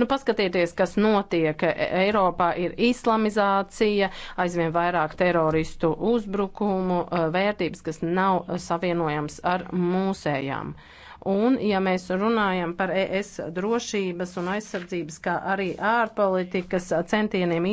Nu, paskatieties, kas notiek. Eiropā ir islamizācija, aizvien vairāk teroristu uzbrukumu, eh, vērtības, kas nav savienojams ar mūsējām. Un, ja mēs runājam par ES drošības un aizsardzības, kā arī ārpolitikas centieniem,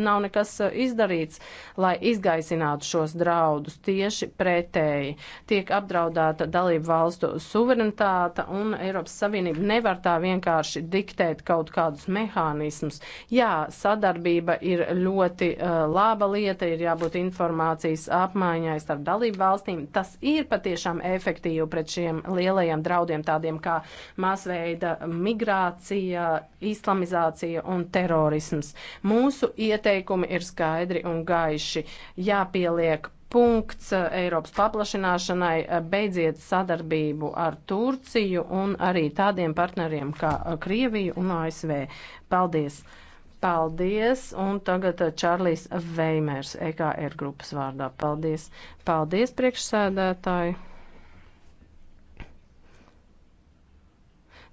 nav nekas izdarīts, lai izgaisinātu šos draudus. Tieši pretēji tiek apdraudēta dalību valstu suverenitāte, un Eiropas Savienība nevar tā vienkārši diktēt kaut kādus mehānismus. Jā, sadarbība ir ļoti uh, laba lieta, ir jābūt informācijas apmaiņai starp dalību valstīm. Tas ir patiešām efektīvi pret šiem lielajiem reālajiem draudiem, tādiem kā masveida migrācija, islamizācija un terorisms. Mūsu ieteikumi ir skaidri un gaiši. Jāpieliek punkts eh, Eiropas paplašināšanai, eh, beidziet sadarbību ar Turciju un arī tādiem partneriem kā eh, Krievija un ASV. Paldies! Paldies! Un tagad Čārlis Veimers, EKR grupas vārdā. Paldies! Paldies, priekšsēdētāji!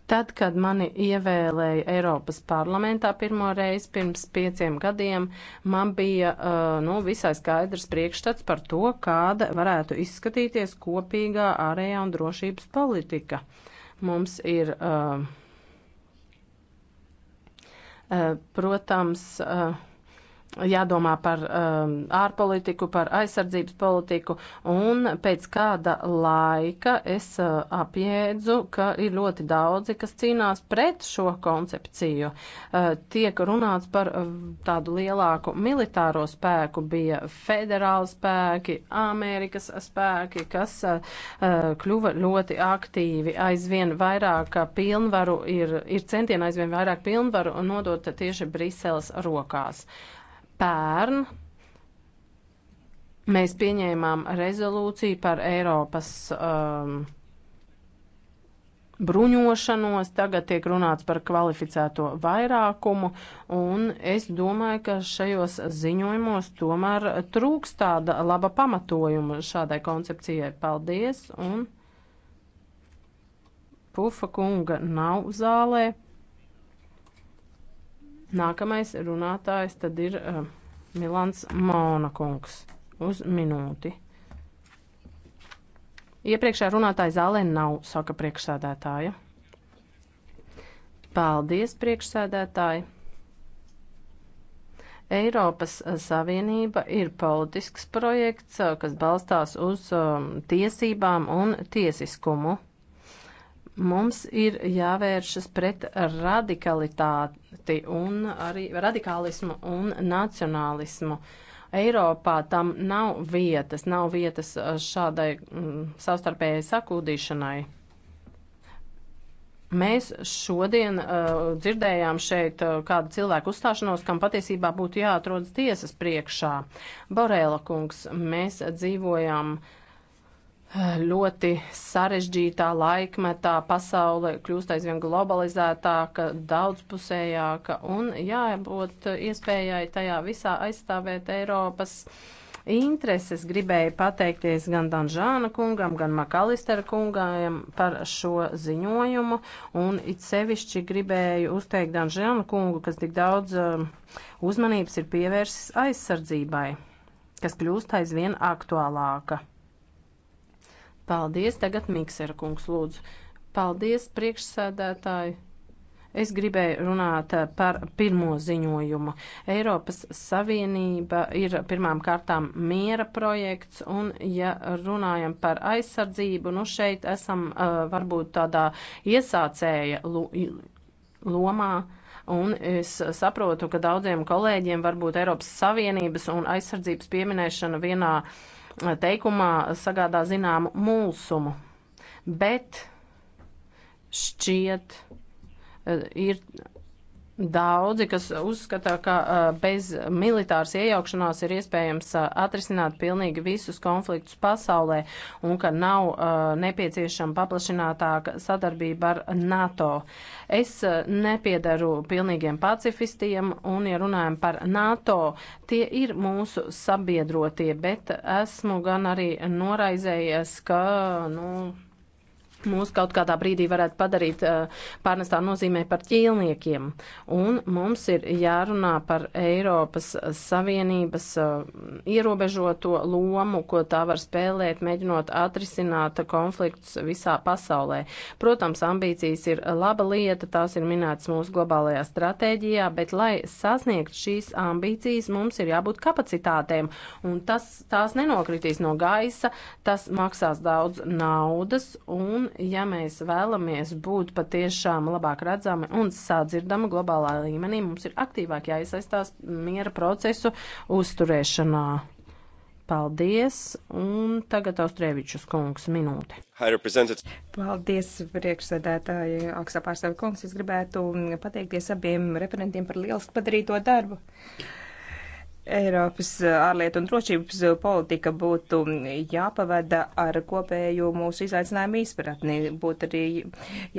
Tad, kad mani ievēlēja Eiropas parlamentā pirmo reizi pirms pieciem gadiem, man bija uh, nu, visai skaidrs priekšstats par to, kāda varētu izskatīties kopīgā ārējā un drošības politika. Mums ir, uh, uh, protams, jādomā par um, ārpolitiku, par aizsardzības politiku, un pēc kāda laika es uh, apjēdzu, ka ir ļoti daudzi, kas cīnās pret šo koncepciju. Uh, tiek runāts par uh, tādu lielāku militāro spēku, bija federāli spēki, Amerikas spēki, kas uh, uh kļuva ļoti aktīvi, aizvien vairāk pilnvaru ir, ir centieni aizvien vairāk pilnvaru nodot tieši Briseles rokās. Uh, pērn mēs pieņēmām rezolūciju par Eiropas um, bruņošanos, tagad tiek runāts par kvalificēto vairākumu, un es domāju, ka šajos ziņojumos tomēr trūks tāda laba pamatojuma šādai koncepcijai. Paldies, un Pufa kunga nav zālē. Nākamais runātājs tad ir uh, Milans Maunakungs uz minūti. Iepriekšā runātāja zālē nav, saka priekšsēdētāja. Paldies, priekšsēdētāji! Eiropas Savienība ir politisks projekts, eh, kas balstās uz eh, tiesībām un tiesiskumu. Mums ir jāvēršas pret radikalitāti un arī radikālismu un nacionālismu. Eiropā tam nav vietas, nav vietas uh, šādai mm, savstarpējai sakūdīšanai. Mēs šodien uh, dzirdējām šeit uh, kādu cilvēku uzstāšanos, kam patiesībā būtu jāatrodas tiesas priekšā. Borēla kungs, mēs dzīvojam uh, ļoti sarežģītā laikmetā pasaule kļūst aizvien globalizētāka, daudzpusējāka un jābūt iespējai tajā visā aizstāvēt Eiropas intereses. Gribēju pateikties gan Danžāna kungam, gan Makalistera kungam par šo ziņojumu un it sevišķi gribēju uzteikt Danžāna kungu, kas tik daudz um, uzmanības ir pievērsis aizsardzībai, kas kļūst aizvien aktuālāka. Paldies, tagad Miksera kungs lūdzu. Paldies, priekšsēdētāji. Es gribēju runāt eh, par pirmo ziņojumu. Eiropas Savienība ir pirmām kārtām miera projekts, un ja runājam par aizsardzību, nu šeit esam uh, varbūt tādā iesācēja lomā. Un es saprotu, ka daudziem kolēģiem varbūt Eiropas Savienības un aizsardzības pieminēšana vienā uh, teikumā sagādā zināmu mulsumu, bet šķiet eh, ir Daudzi, kas uzskata, ka eh, bez militāras iejaukšanās ir iespējams eh, atrisināt pilnīgi visus konfliktus pasaulē un ka nav eh, nepieciešama paplašinātāka sadarbība ar NATO. Es nepiedaru pilnīgiem pacifistiem un, ja runājam par NATO, tie ir mūsu sabiedrotie, bet esmu gan arī noraizējies, ka, nu, mūs kaut kādā brīdī varētu padarīt eh, pārnestā nozīmē par ķīlniekiem. Un mums ir jārunā par Eiropas Savienības eh, ierobežoto lomu, ko tā var spēlēt, mēģinot atrisināt konfliktus visā pasaulē. Protams, ambīcijas ir laba lieta, tās ir minētas mūsu globālajā stratēģijā, bet lai sasniegt šīs ambīcijas, mums ir jābūt kapacitātēm. Un tas, tās nenokritīs no gaisa, tas maksās daudz naudas un Un, ja mēs vēlamies būt patiešām labāk redzami un sadzirdami globālā līmenī, mums ir aktīvāk jāiesaistās miera procesu uzturēšanā. Paldies, un tagad Austrievičus kungs minūte. Paldies, priekšsēdētāji, augstā pārstāvi kungs. Es gribētu pateikties abiem referentiem par lielu padarīto darbu. Uh, Eiropas eh, ārlietu un drošības eh, politika būtu jāpavada ar kopēju mūsu izaicinājumu izpratni, būtu arī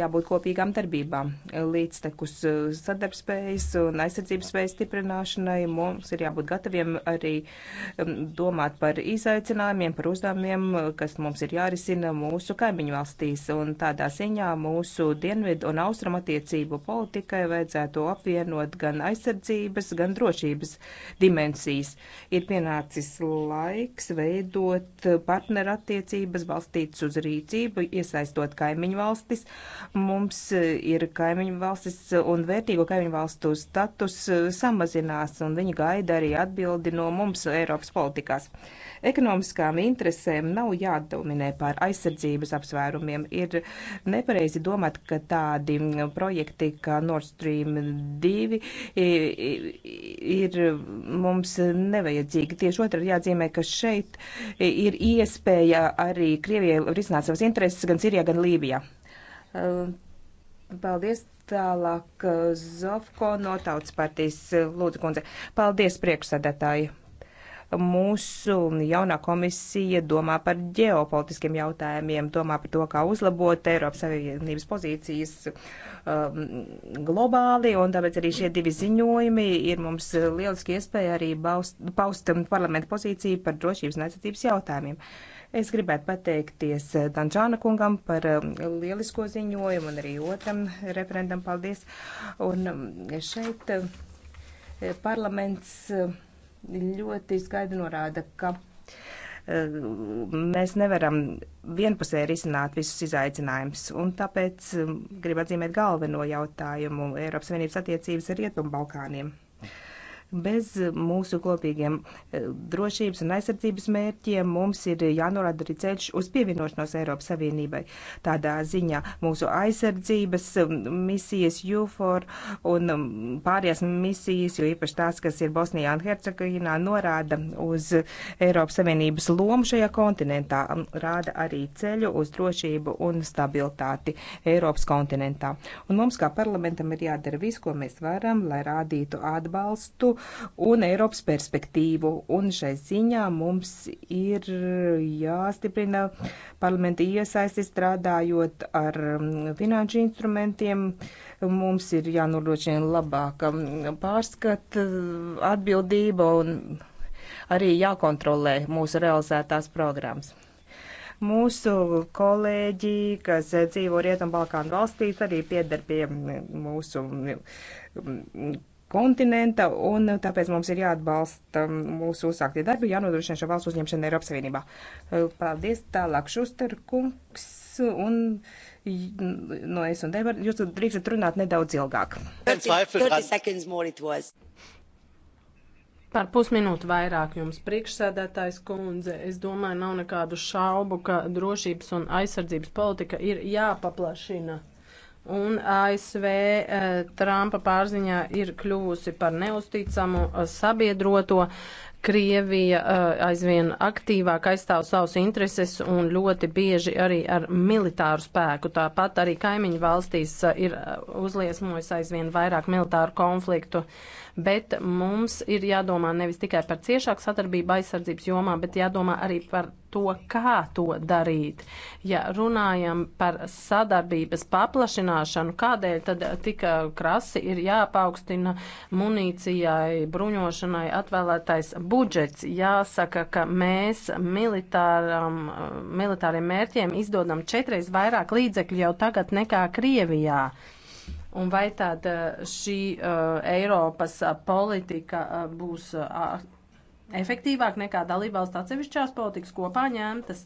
jābūt kopīgām darbībām. Līdztekus eh, sadarbspējas un aizsardzības spējas stiprināšanai mums ir jābūt gataviem arī mm, domāt par izaicinājumiem, par uzdevumiem, kas mums ir jārisina mūsu kaimiņu valstīs. Un tādā ziņā mūsu dienvidu un austrumu attiecību politikai vajadzētu apvienot gan aizsardzības, gan drošības dimensiju dimensijas. Ir pienācis laiks veidot partnerattiecības balstītas uz rīcību, iesaistot kaimiņu valstis. Mums ir kaimiņu valstis un vērtīgo kaimiņu valstu status samazinās, un viņi gaida arī atbildi no mums Eiropas politikās. Ekonomiskām interesēm nav jādominē pār aizsardzības apsvērumiem. Ir nepareizi domāt, ka tādi projekti kā Nord Stream 2 ir mums nevajadzīgi. Tieši otrādi jāatzīmē, ka šeit ir iespēja arī Krievijai risināt savas intereses gan Sirijā, gan Lībijā. Paldies tālāk Zofko no Tautas partijas Lūdzu kundze. Paldies priekšsēdētāji. Mūsu jaunā komisija domā par ģeopolitiskiem jautājumiem, domā par to, kā uzlabot Eiropas Savienības pozīcijas um, globāli, un tāpēc arī šie divi ziņojumi ir mums lieliski iespēja arī baust, paust parlamentu pozīciju par drošības un aizsardzības jautājumiem. Es gribētu pateikties Dančāna kungam par um, lielisko ziņojumu un arī otram referentam paldies. Un um, šeit um, parlaments ļoti skaidri norāda, ka eh, mēs nevaram vienpusē risināt visus izaicinājumus, un tāpēc eh, gribu atzīmēt galveno jautājumu Eiropas Savienības attiecības ar Rietumbalkāniem. Balkāniem. Bez mūsu kopīgiem eh, drošības un aizsardzības mērķiem mums ir jānorāda arī ceļš uz pievienošanos Eiropas Savienībai. Tādā ziņā mūsu aizsardzības misijas UFOR un pārējās misijas, jo īpaši tās, kas ir Bosnijā un Hercegovinā, norāda uz Eiropas Savienības lomu šajā kontinentā, rāda arī ceļu uz drošību un stabilitāti Eiropas kontinentā. Un mums kā parlamentam ir jādara viss, ko mēs varam, lai rādītu atbalstu un Eiropas perspektīvu. Un šai ziņā mums ir jāstiprina parlamenta iesaisti strādājot ar um, finanšu instrumentiem. Mums ir jānodrošina labāka um, pārskata uh, atbildība un arī jākontrolē mūsu realizētās programmas mūsu kolēģi, kas uh, dzīvo Rietumbalkānu valstīs, arī pieder pie um, mūsu kontinenta, un tāpēc mums ir jāatbalsta mūsu uzsāktie darbi, jānodrošina šo valstu uzņemšanu Eiropas Savienībā. Paldies, tālāk Šusterkungs, un no es un Deivar, jūs drīkstat runāt nedaudz ilgāk. 30, 30 seconds more it was. Par pusminūti vairāk jums priekšsēdētājs kundze. Es domāju, nav nekādu šaubu, ka drošības un aizsardzības politika ir jāpaplašina un ASV eh, Trumpa pārziņā ir kļuvusi par neusticamu eh, sabiedroto. Krievija eh, aizvien aktīvāk aizstāv savus intereses un ļoti bieži arī ar militāru spēku. Tāpat arī kaimiņu valstīs ir uzliesmojis aizvien vairāk militāru konfliktu. Bet mums ir jādomā nevis tikai par ciešāku sadarbību aizsardzības jomā, bet jādomā arī par to, kā to darīt. Ja runājam par sadarbības paplašināšanu, kādēļ tad tik uh, krasi ir jāpaukstina munīcijai, bruņošanai atvēlētais budžets? Jāsaka, ka mēs uh, militāriem mērķiem izdodam četreiz vairāk līdzekļu jau tagad nekā Krievijā. Un vai tāda uh, šī uh, Eiropas politika uh, būs uh, efektīvāk nekā dalībvalsts atsevišķās politikas kopā ņemtas.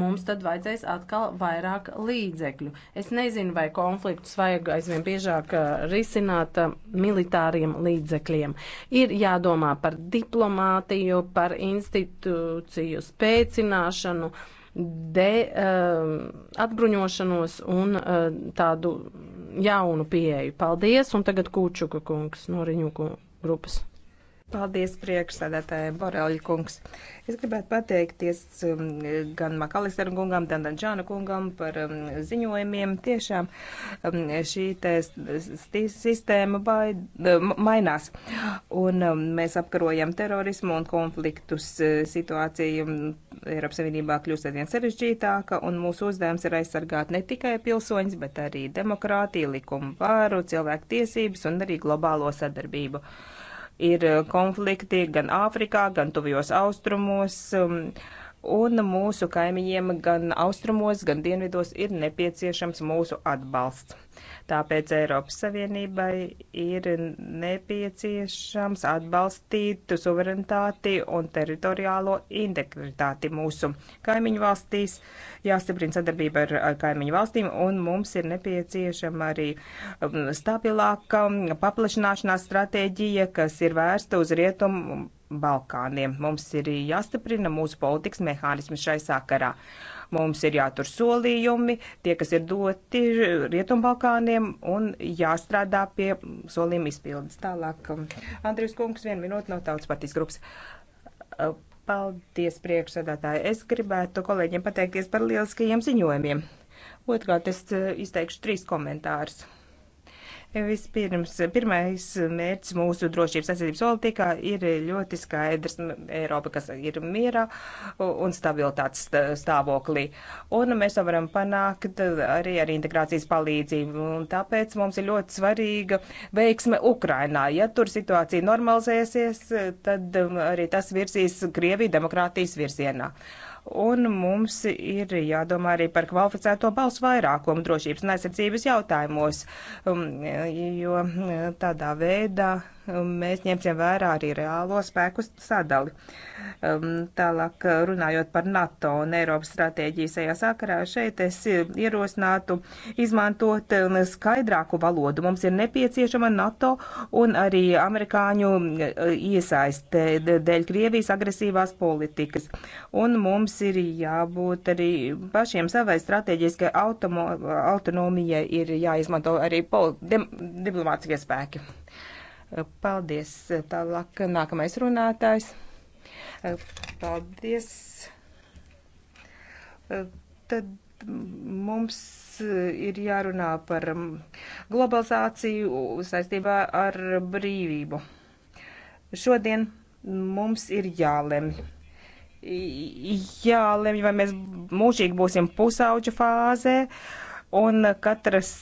Mums tad vajadzēs atkal vairāk līdzekļu. Es nezinu, vai konfliktus vajag aizvien biežāk eh, risināt eh, militāriem līdzekļiem. Ir jādomā par diplomātiju, par institūciju spēcināšanu de, uh, atbruņošanos un uh, tādu jaunu pieeju. Paldies, un tagad Kūčuka kungs no Riņu grupas. Paldies priekšsēdētājiem Boreļa kungs. Es gribētu pateikties um, gan Makalisteru kungam, gan Danžāna kungam par um, ziņojumiem. Tiešām um, šī sistēma baid, mainās. Un mēs apkarojam terorismu un konfliktus. Uh, Situācija Eiropas Savienībā kļūst arvien sarežģītāka, un mūsu uzdevums ir aizsargāt ne tikai pilsoņus, bet arī demokrātiju, likumu vāru, cilvēku tiesības un arī globālo sadarbību ir eh, konflikti gan Āfrikā, gan Tuvijos austrumos, um, un mūsu kaimiņiem gan austrumos, gan dienvidos ir nepieciešams mūsu atbalsts. Tāpēc Eiropas Savienībai ir nepieciešams atbalstīt suverenitāti un teritoriālo integritāti mūsu kaimiņu valstīs, jāstiprina sadarbība ar, ar kaimiņu valstīm, un mums ir nepieciešama arī um, stabilāka paplašināšanās stratēģija, kas ir vērsta uz rietumu Balkāniem. Mums ir jāstiprina mūsu politikas mehānismi šai sakarā. Uh, Mums ir jātur solījumi, tie, kas ir doti Rietumbalkāniem, un jāstrādā pie solījuma izpildes. Tālāk, um, Andrijs Kungs, vienu minūti no tautas partijas grupas. Uh, paldies, priekšsēdētāji. Es gribētu kolēģiem pateikties par lieliskajiem ziņojumiem. Otrkārt, es uh, izteikšu trīs komentārus. Vispirms, pirmais mērķis mūsu drošības aizsardzības politikā ir ļoti skaidrs Eiropa, kas ir mierā un stabilitātes stāvoklī. Un mēs to varam panākt arī ar integrācijas palīdzību. Un tāpēc mums ir ļoti svarīga veiksme Ukrainā. Ja tur situācija normalizēsies, tad arī tas virsīs Krieviju demokrātijas virzienā. Uh, un mums ir jādomā arī par kvalificēto balsu vairākumu drošības un aizsardzības jautājumos, um, jo um, tādā veidā Um, mēs ņemsim vērā arī reālo spēku sadali. Um, tālāk uh, runājot par NATO un Eiropas stratēģijas šajā sakarā, šeit es uh, ierosinātu izmantot um, skaidrāku valodu. Mums ir nepieciešama NATO un arī amerikāņu uh, iesaiste dēļ Krievijas agresīvās politikas. Un mums ir jābūt arī pašiem savai strateģiskai autonomijai, ir jāizmanto arī diplomātiskie spēki. Paldies. Tālāk nākamais runātājs. Paldies. Tad mums ir jārunā par globalizāciju saistībā ar brīvību. Šodien mums ir jālemj. Jālemj, vai mēs mūžīgi būsim pusauģu fāzē, un katras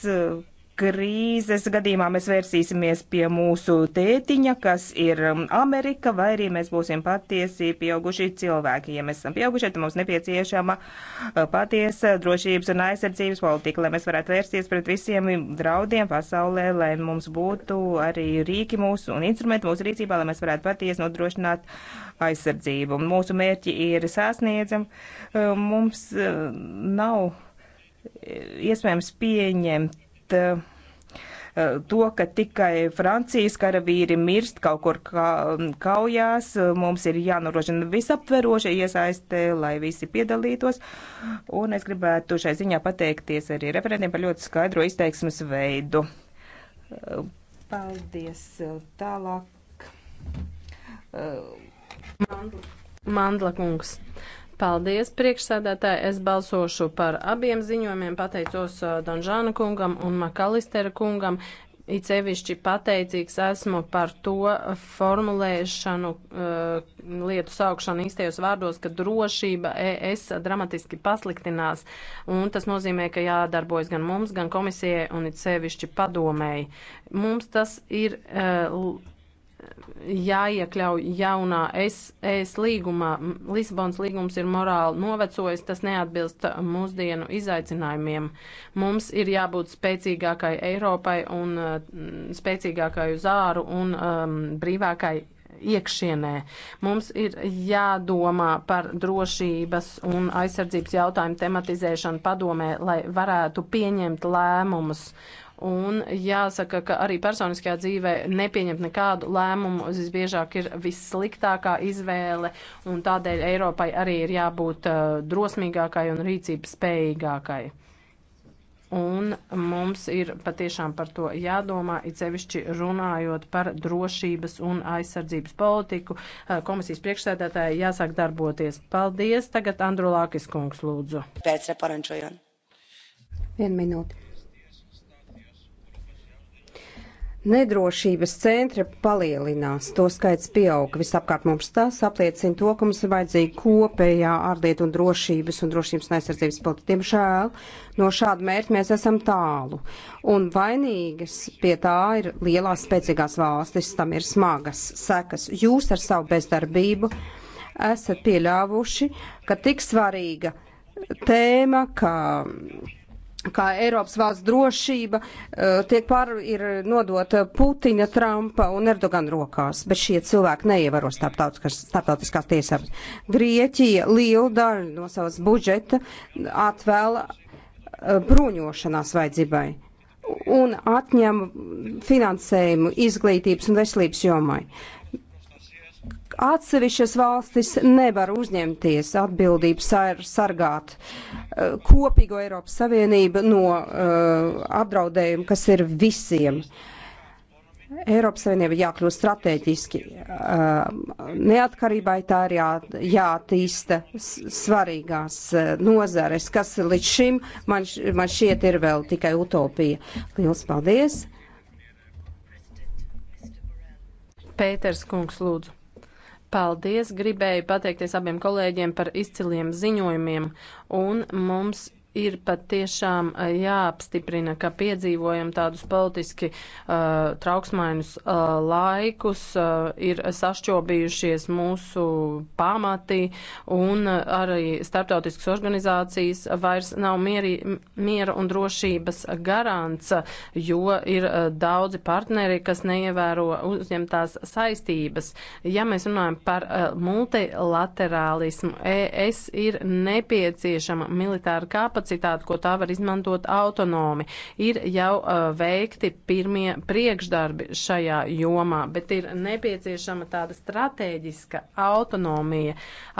krīzes gadījumā mēs vērsīsimies pie mūsu tētiņa, kas ir um, Amerika, vai arī mēs būsim patiesi pieauguši cilvēki. Ja mēs esam pieauguši, tad mums nepieciešama uh, patiesa drošības un aizsardzības politika, lai mēs varētu vērsties pret visiem draudiem pasaulē, lai mums būtu arī rīki mūsu un instrumenti mūsu rīcībā, lai mēs varētu patiesi nodrošināt aizsardzību. Mūsu mērķi ir sasniedzami. Uh, mums uh, nav iespējams pieņemt pret uh, eh, eh, to, ka tikai Francijas karavīri mirst kaut kur ka, kaujās. Mums ir jānorošina visaptveroša iesaiste, lai visi piedalītos. Un es gribētu šai ziņā pateikties arī referentiem par ļoti skaidro izteiksmes veidu. Eh, paldies. Tālāk. Mandla kungs. Paldies, priekšsēdētāji. Es balsošu par abiem ziņojumiem. Pateicos uh, Donžāna kungam un Makalistera kungam. It sevišķi pateicīgs esmu par to formulēšanu, uh, lietu saukšanu īstajos vārdos, ka drošība ES dramatiski pasliktinās. Un tas nozīmē, ka jādarbojas gan mums, gan komisijai un it sevišķi padomēji. Mums tas ir. Uh, jāiekļauj jaunā ES līgumā. Lisabons līgums ir morāli novecojis, tas neatbilst mūsdienu izaicinājumiem. Mums ir jābūt spēcīgākai Eiropai un mm, spēcīgākai uz āru un um, brīvākai iekšienē. Mums ir jādomā par drošības un aizsardzības jautājumu tematizēšanu padomē, lai varētu pieņemt lēmumus Un jāsaka, ka arī personiskajā dzīvē nepieņemt nekādu lēmumu visbiežāk ir vissliktākā izvēle, un tādēļ Eiropai arī ir jābūt uh, drosmīgākai un rīcības spējīgākai. Un mums ir patiešām par to jādomā, it sevišķi runājot par drošības un aizsardzības politiku. Uh, komisijas priekšsēdētāji jāsāk darboties. Paldies. Tagad Andrulākis kungs lūdzu. Pēc reparančojuma. Vienu minūti. nedrošības centri palielinās, to skaits pieaug visapkārt mums. Tas apliecina to, ka mums ir vajadzīga kopējā ārlietu un drošības un drošības un aizsardzības politika. Diemžēl no šāda mērķa mēs esam tālu. Un vainīgas pie tā ir lielās spēcīgās valstis, tam ir smagas sekas. Jūs ar savu bezdarbību esat pieļāvuši, ka tik svarīga tēma, ka kā Eiropas valsts drošība eh, tiek pār, ir nodota Putina, Trumpa un Erdogana rokās, bet šie cilvēki neievēro starptautiskās tiesības. Grieķija lielu daļu no savas budžeta atvēla eh, bruņošanās vajadzībai un atņem finansējumu izglītības un veselības jomai. Uh, Atsevišķas valstis nevar uzņemties atbildību sar sargāt uh, kopīgo Eiropas Savienību no uh, apdraudējumu, kas ir visiem. Eiropas Savienība jākļūst strateģiski uh, neatkarībai, tā ir jā, jātīsta svarīgās uh, nozares, kas līdz šim man, š, man šiet ir vēl tikai utopija. Liels paldies! Pēters Kungs, lūdzu. Paldies! Gribēju pateikties abiem kolēģiem par izciliem ziņojumiem, un mums ir patiešām jāapstiprina, ka piedzīvojam tādus politiski uh, trauksmainus uh, laikus, uh, ir sašķobījušies mūsu pamati un arī starptautiskas organizācijas vairs nav mieri, miera un drošības garants, jo ir uh, daudzi partneri, kas neievēro uzņemtās saistības. Ja mēs runājam par uh, multilaterālismu, ES ir nepieciešama militāra kapacitāte, kapacitāti, ko tā var izmantot autonomi. Ir jau uh, veikti pirmie priekšdarbi šajā jomā, bet ir nepieciešama tāda strateģiska autonomija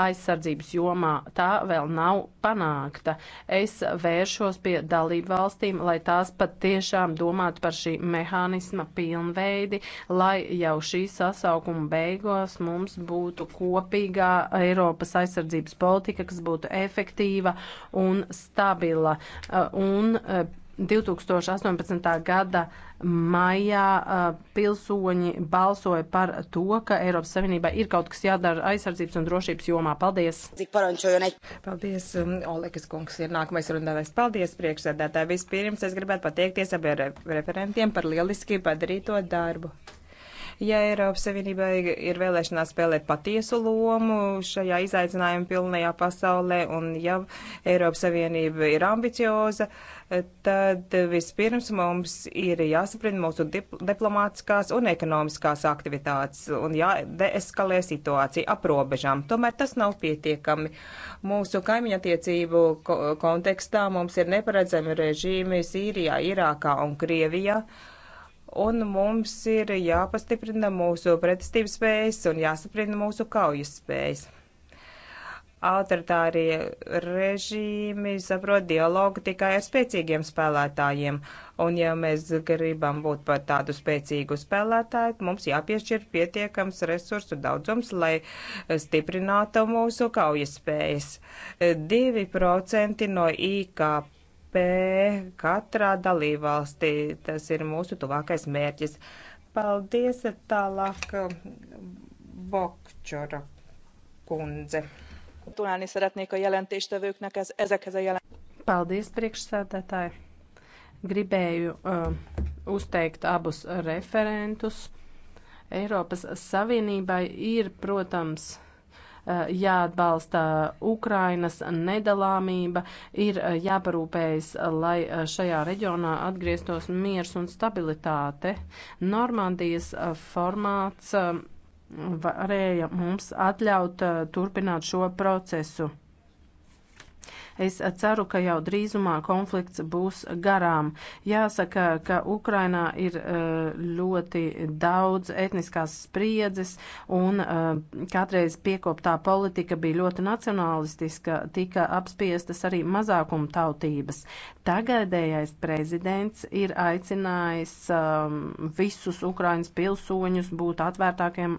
aizsardzības jomā. Tā vēl nav panākta. Es vēršos pie dalību valstīm, lai tās pat tiešām domātu par šī mehānisma pilnveidi, lai jau šī sasaukuma beigās mums būtu kopīgā Eiropas aizsardzības politika, kas būtu efektīva un stabila stabila eh, un 2018. Eh, gada maijā eh, pilsoņi balsoja par to, ka Eiropas Savienībā ir kaut kas jādara aizsardzības un drošības jomā. Paldies! Paldies, um, Olekas kungs ir nākamais runātājs. Paldies, priekšsēdētāji. Vispirms es gribētu pateikties abiem referentiem par lieliski padarīto darbu. Ja Eiropas Savienībai ir vēlēšanās spēlēt patiesu lomu šajā izaicinājuma pilnajā pasaulē, un ja Eiropas Savienība ir ambicioza, tad vispirms mums ir jāsaprina mūsu diplomātiskās un ekonomiskās aktivitātes un jādeeskalē situācija aprobežām. Tomēr tas nav pietiekami. Mūsu kaimiņa attiecību kontekstā mums ir neparedzami režīmi Sīrijā, Irākā un Krievijā un mums ir jāpastiprina mūsu pretestības spējas un jāsaprina mūsu kaujas spējas. Autoritārie režīmi saprot dialogu tikai ar spēcīgiem spēlētājiem, un ja mēs gribam būt par tādu spēcīgu spēlētāju, mums jāpiešķir pietiekams resursu daudzums, lai stiprinātu mūsu kaujas spējas. 2% no IKP katrā dalībvalstī. Tas ir mūsu tuvākais mērķis. Paldies tālāk Bokčora kundze. Tulálni szeretnék a jelentéstevőknek ez, ezekhez a jelent. Paldies, priekšsēdētāji. Gribēju uh, uzteikt abus referentus. Eiropas Savienībai ir, protams, Eh, jāatbalsta Ukrainas nedalāmība, ir eh, jāparūpējas, lai eh, šajā reģionā atgrieztos miers un stabilitāte. Normandijas formāts varēja mums atļaut turpināt šo procesu. Es ceru, ka jau drīzumā konflikts būs garām. Jāsaka, ka Ukrainā ir e, ļoti daudz etniskās spriedzes un e, kādreiz piekoptā politika bija ļoti nacionalistiska, tika apspiestas arī mazākuma tautības. Tagadējais prezidents ir aicinājis e, visus Ukrainas pilsoņus būt atvērtākiem,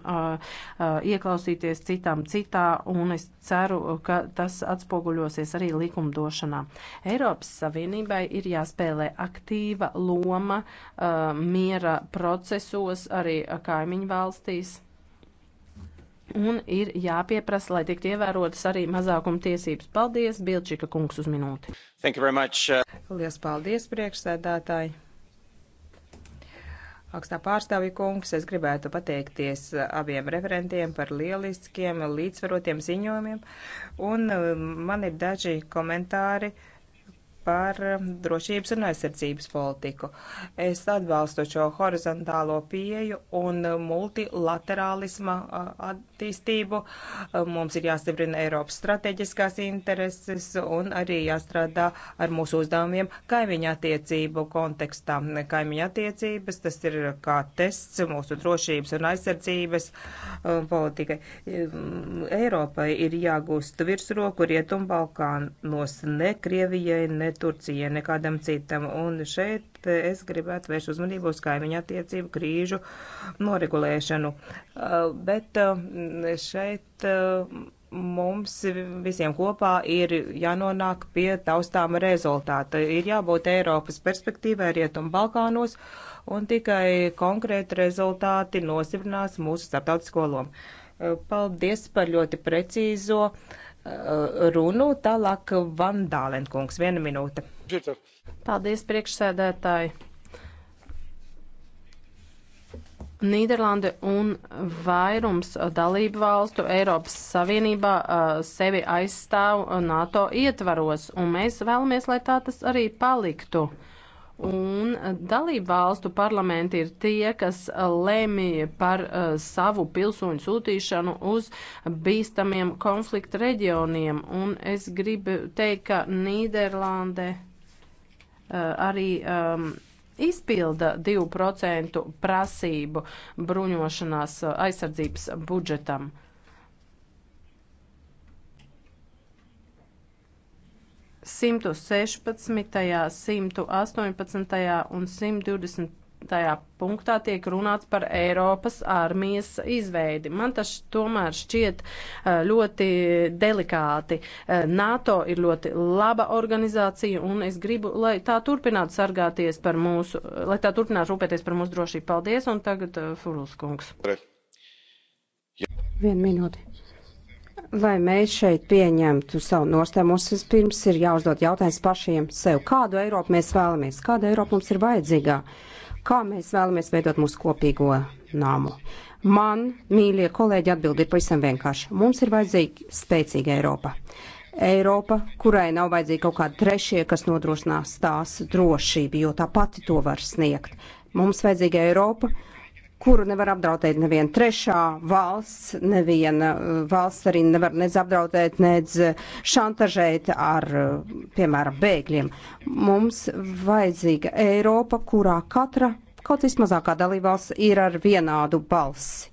ieklausīties citām citā, un es ceru, ka tas atspoguļosies arī līdz likumdošanā. Eiropas Savienībai ir jāspēlē aktīva loma uh, miera procesos arī uh, kaimiņu valstīs. Un ir jāpieprasa, lai tiktu ievērotas arī mazākuma tiesības. Paldies, Bilčika kungs, uz minūti. Uh, Lielas paldies, priekšsēdētāji! Augstā pārstāvja kungs, es gribētu pateikties uh, abiem referentiem par lieliskiem, līdzsvarotiem ziņojumiem, un um, man ir daži komentāri par um, drošības un aizsardzības politiku. Es atbalstu šo horizontālo pieju un multilaterālisma uh, attīstību. Mums ir jāstiprina Eiropas strateģiskās intereses un arī jāstrādā ar mūsu uzdevumiem kaimiņa attiecību kontekstā. Kaimiņa attiecības tas ir kā tests mūsu drošības un aizsardzības um, politikai. Um, Eiropai ir jāgūst virsroku Rietumbalkānos, ne Krievijai, ne Turcijai, nekādam citam. Un šeit Eh, es gribētu vērst uzmanību uz kaimiņu attiecību krīžu noregulēšanu. Eh, bet eh, šeit mums visiem kopā ir jānonāk pie taustām rezultāta. Ir jābūt Eiropas perspektīvai Rietumu Balkānos, un tikai konkrēti rezultāti nostiprinās mūsu starptautisko lomu. Paldies par ļoti precīzo runu. Tālāk Vandālenkungs, viena minūte. Čitart. Paldies, priekšsēdētāji! Nīderlande un vairums dalību valstu Eiropas Savienībā sevi aizstāv NATO ietvaros, un mēs vēlamies, lai tā tas arī paliktu. Un dalību valstu parlamenti ir tie, kas lēmīja par uh, savu pilsoņu sūtīšanu uz bīstamiem konflikta reģioniem. Un es gribu teikt, ka Nīderlande. Eh, arī um, izpilda 2% prasību bruņošanās eh, aizsardzības budžetam. Simtu 16., 118. un 120 tajā punktā tiek runāts par Eiropas armijas izveidi. Man tas tomēr šķiet eh, ļoti delikāti. Eh, NATO ir ļoti laba organizācija un es gribu, lai tā turpinātu sargāties par mūsu, lai tā turpinātu rūpēties par mūsu drošību. Paldies un tagad eh, Furuls kungs. Vienu minūti. Lai mēs šeit pieņemtu savu nostāju, mums vispirms ir jāuzdod jautājums pašiem sev, kādu Eiropu mēs vēlamies, kāda Eiropa mums ir vajadzīgā. Uh, kā mēs vēlamies veidot mūsu kopīgo nāmu. Man, mīļie kolēģi, atbildi ir pavisam vienkārši. Mums ir vajadzīga spēcīga Eiropa. Eiropa, kurai nav vajadzīgi kaut kādi trešie, kas nodrošinās tās drošību, jo tā pati to var sniegt. Mums vajadzīga Eiropa, kuru nevar apdraudēt neviena trešā valsts, neviena uh, valsts arī nevar nedz apdraudēt, nedz uh, šantažēt ar, uh, piemēram, bēgļiem. Mums vajadzīga Eiropa, kurā katra, kaut vismazākā dalībvalsts, ir ar vienādu balsi,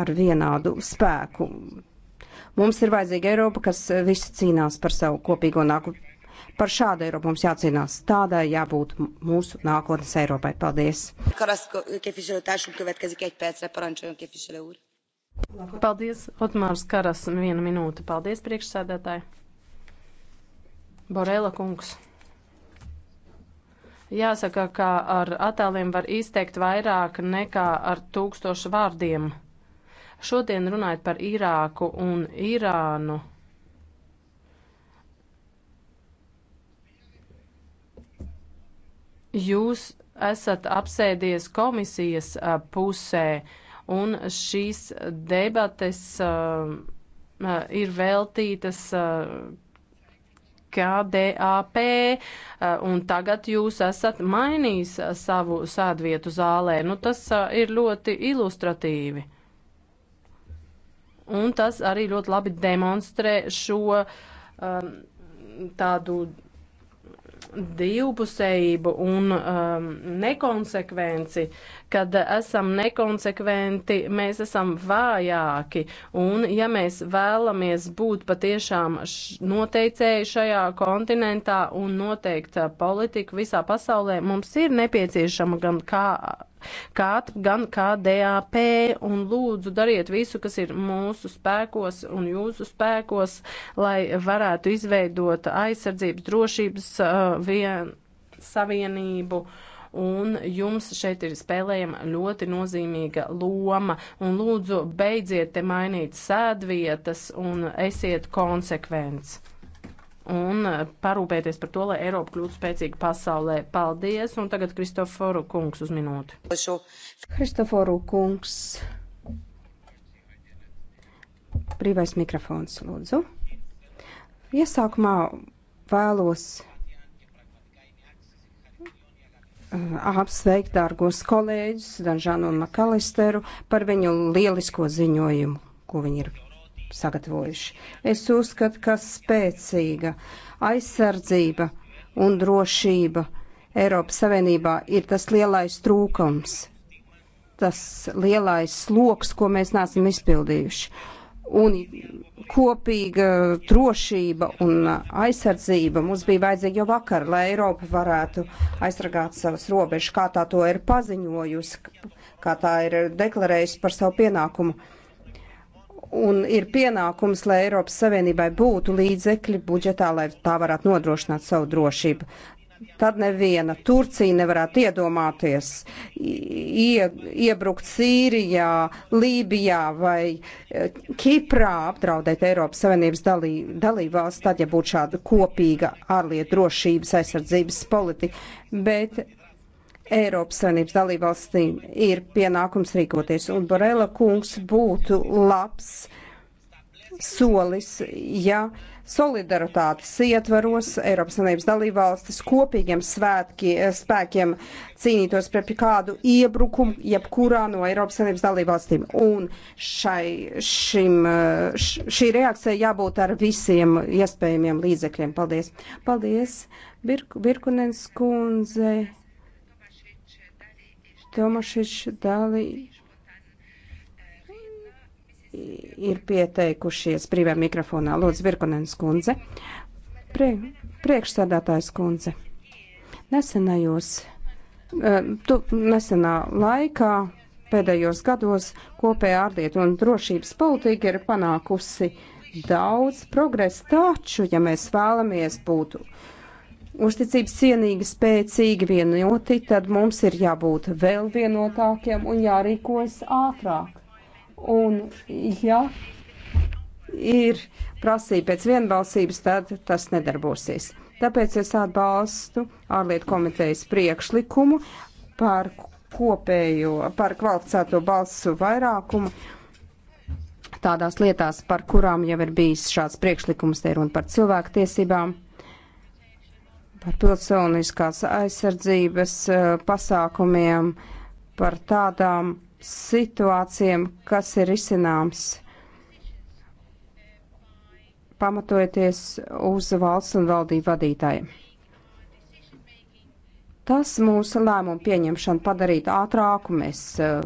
ar vienādu spēku. Mums ir vajadzīga Eiropa, kas visi cīnās par savu kopīgo nākotni. Par šādu Eiropu mums jācīnās. Tādai jābūt mūsu nākotnes Eiropai. Paldies! Paldies, Otmārs Karas, viena minūte. Paldies, priekšsēdētāji. Borela kungs. Jāsaka, ka ar attēliem var izteikt vairāk nekā ar tūkstošu vārdiem. Šodien runājot par Irāku un Irānu. jūs esat apsēdies komisijas pusē, un šīs debates ir veltītas KDAP, un tagad jūs esat mainījis savu sēdvietu zālē. Nu, tas ir ļoti ilustratīvi. Un tas arī ļoti labi demonstrē šo um, tādu divpusējību un um, nekonsekvenci, kad esam nekonsekventi, mēs esam vājāki. Un, ja mēs vēlamies būt patiešām noteicēji šajā kontinentā un noteikt politiku visā pasaulē, mums ir nepieciešama gan kā KAT, gan KDAP, un lūdzu dariet visu, kas ir mūsu spēkos un jūsu spēkos, lai varētu izveidot aizsardzības drošības uh, vien, savienību. Uh, un jums šeit ir spēlējama ļoti nozīmīga loma. Un lūdzu, beidziet te mainīt sēdvietas un esiet konsekvents. Un parūpēties par to, lai Eiropa kļūtu spēcīga pasaulē. Paldies! Un tagad Kristoforu kungs uz minūti. Kristoforu kungs. Brīvais mikrofons, lūdzu. Iesākumā vēlos apsveikt dārgos kolēģus Danžānu un Makalisteru par viņu lielisko ziņojumu, ko viņi ir sagatavojuši. Es uzskatu, ka spēcīga aizsardzība un drošība Eiropas Savienībā ir tas lielais trūkums, tas lielais sloks, ko mēs neesam izpildījuši un kopīga drošība un aizsardzība mums bija vajadzīga jau vakar, lai Eiropa varētu aizsargāt savas robežas, kā tā to ir paziņojusi, kā tā ir deklarējusi par savu pienākumu. Un ir pienākums, lai Eiropas Savienībai būtu līdzekļi budžetā, lai tā varētu nodrošināt savu drošību tad neviena Turcija nevarētu iedomāties ie, iebrukt Sīrijā, Lībijā vai e, Kiprā, apdraudēt Eiropas Savienības dalī, dalībvalsts, tad, ja būtu šāda kopīga ārlietu drošības aizsardzības politika. Bet Eiropas Savienības dalībvalstīm ir pienākums rīkoties, un Borela kungs būtu labs solis, ja solidaritātes ietvaros Eiropas Savienības dalībvalstis kopīgiem svētki, spēkiem cīnītos pret kādu iebrukumu jebkurā no Eiropas Savienības dalībvalstīm. Un šai, šim, š, šī reakcija jābūt ar visiem iespējamiem līdzekļiem. Paldies! Paldies! Birk, Birkunens kundze, Tomašič, Dali, ir pieteikušies brīvā mikrofonā. Lūdzu, Virkonens kundze, Prie, priekšsādātājs kundze. Nesenajos, eh, tu, nesenā laikā, pēdējos gados, kopējā ārlietu un drošības politika ir panākusi daudz progresa, taču, ja mēs vēlamies būt uzticības cienīgi, spēcīgi vienoti, tad mums ir jābūt vēl vienotākiem un jārīkojas ātrāk. Un, ja ir prasība pēc vienbalsības, tad tas nedarbosies. Tāpēc es atbalstu ārlietu komitejas priekšlikumu par kopējo, par kvalificēto balsu vairākumu tādās lietās, par kurām jau ir bijis šāds priekšlikums, te ir un par cilvēktiesībām, par pilsoniskās aizsardzības eh, pasākumiem, par tādām situācijām, kas ir izcināms pamatojoties uz valsts un valdību vadītājiem. Tas mūsu lēmumu pieņemšanu padarītu ātrāku, mēs uh,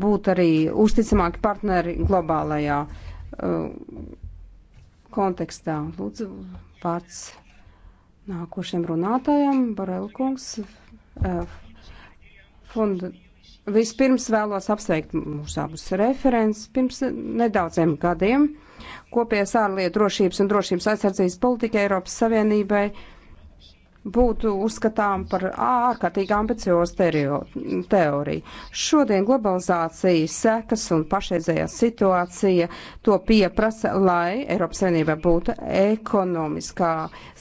būtu arī uzticamāki partneri globālajā uh, kontekstā. Lūdzu, vārds nākošiem runātājiem, Borelkungs, uh, funda Vispirms vēlos apsveikt mūsu abus referents. Pirms nedaudziem gadiem kopējās ārlietu drošības un drošības aizsardzības politika Eiropas Savienībai būtu uzskatām par ārkārtīgi ambiciozu teoriju. Šodien globalizācijas sekas un pašreizējā situācija to pieprasa, lai Eiropas Savienība būtu ekonomiskā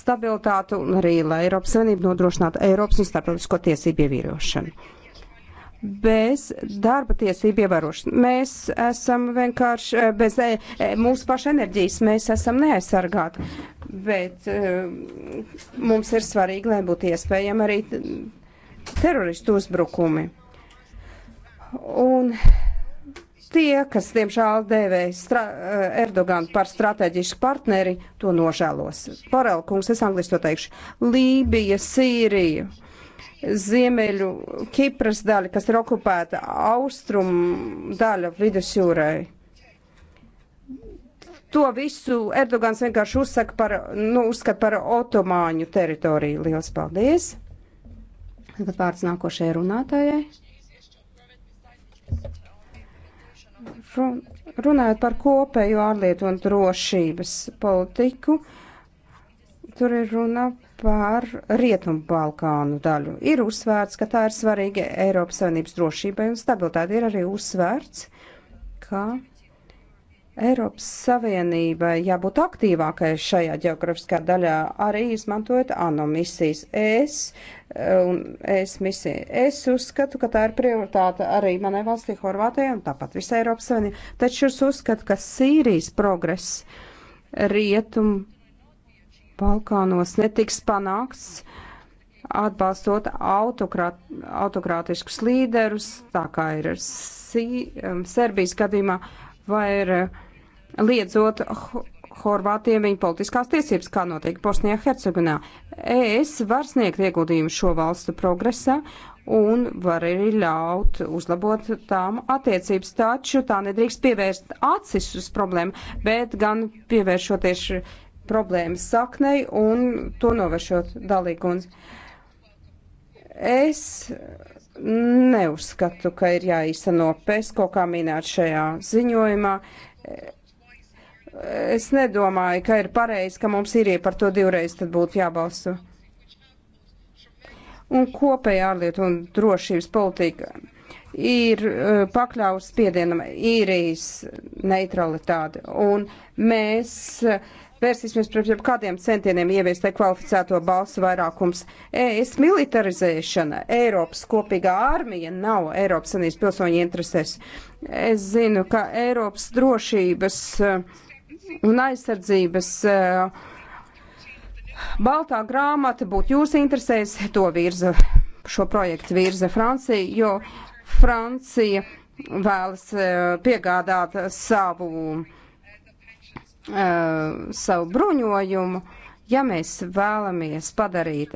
stabilitāte un arī, lai Eiropas Savienība nodrošinātu Eiropas un starptautisko tiesību ievīrošanu bez darba tiesību ievērošanas. Mēs esam vienkārši eh, bez eh, mūsu paša enerģijas, mēs esam neaizsargāti, bet eh, mums ir svarīgi, lai būtu iespējami arī teroristu uzbrukumi. Un tie, kas, diemžēl, dēvēja Erdoganu par strateģisku partneri, to nožēlos. Paralkungs, es angliski to teikšu. Lībija, Sīrija ziemeļu Kipras daļa, kas ir okupēta austrumu daļa vidusjūrai. To visu Erdogans vienkārši uzsaka par, nu, uzskata par otomāņu teritoriju. Lielas paldies! Tagad vārds nākošajai runātājai. Runājot par kopēju ārlietu un drošības politiku. Uh, tur ir runa par Rietumu Balkānu daļu. Ir uzsvērts, ka tā ir svarīga Eiropas Savienības drošībai un stabilitātei. Ir arī uzsvērts, ka Eiropas Savienībai jābūt aktīvākai šajā geografiskā daļā, arī izmantojot ANO misijas. Es, eh, un es, misiju. es uzskatu, ka tā ir prioritāte arī manai valstī Horvātijai un tāpat visai Eiropas Savienībai. Taču es uzskatu, ka Sīrijas progress rietumu Balkānos netiks panāks, atbalstot autokrāt, autokrātiskus līderus, tā kā ir si, um, Serbijas gadījumā, vai ir uh, liedzot Horvātiem viņa politiskās tiesības, kā notiek Bosnijā Hercegunā. ES var sniegt ieguldījumu šo valstu progresā un var arī ļaut uzlabot tām attiecības, taču tā nedrīkst pievērst acis uz problēmu, bet gan pievēršoties problēmas saknei un to novēršot dalīgums. Es neuzskatu, ka ir jāīsteno PESCO, kā minēt šajā ziņojumā. Es nedomāju, ka ir pareizi, ka mums ir par to divreiz tad būtu jābalso. Un kopējā ārlietu un drošības politika ir eh, pakļauts spiedienam īrijas neutralitāte. Un mēs uh, vērsīsimies pret jebkādiem centieniem ieviest kvalificēto balsu vairākums. ES militarizēšana, Eiropas kopīgā armija nav Eiropas Sanības pilsoņu interesēs. Es zinu, ka Eiropas drošības eh, un aizsardzības eh, baltā grāmata būtu jūs interesēs, to virza, šo projektu virza Francija, jo Francija vēlas eh, piegādāt savu Uh, savu bruņojumu, ja mēs vēlamies padarīt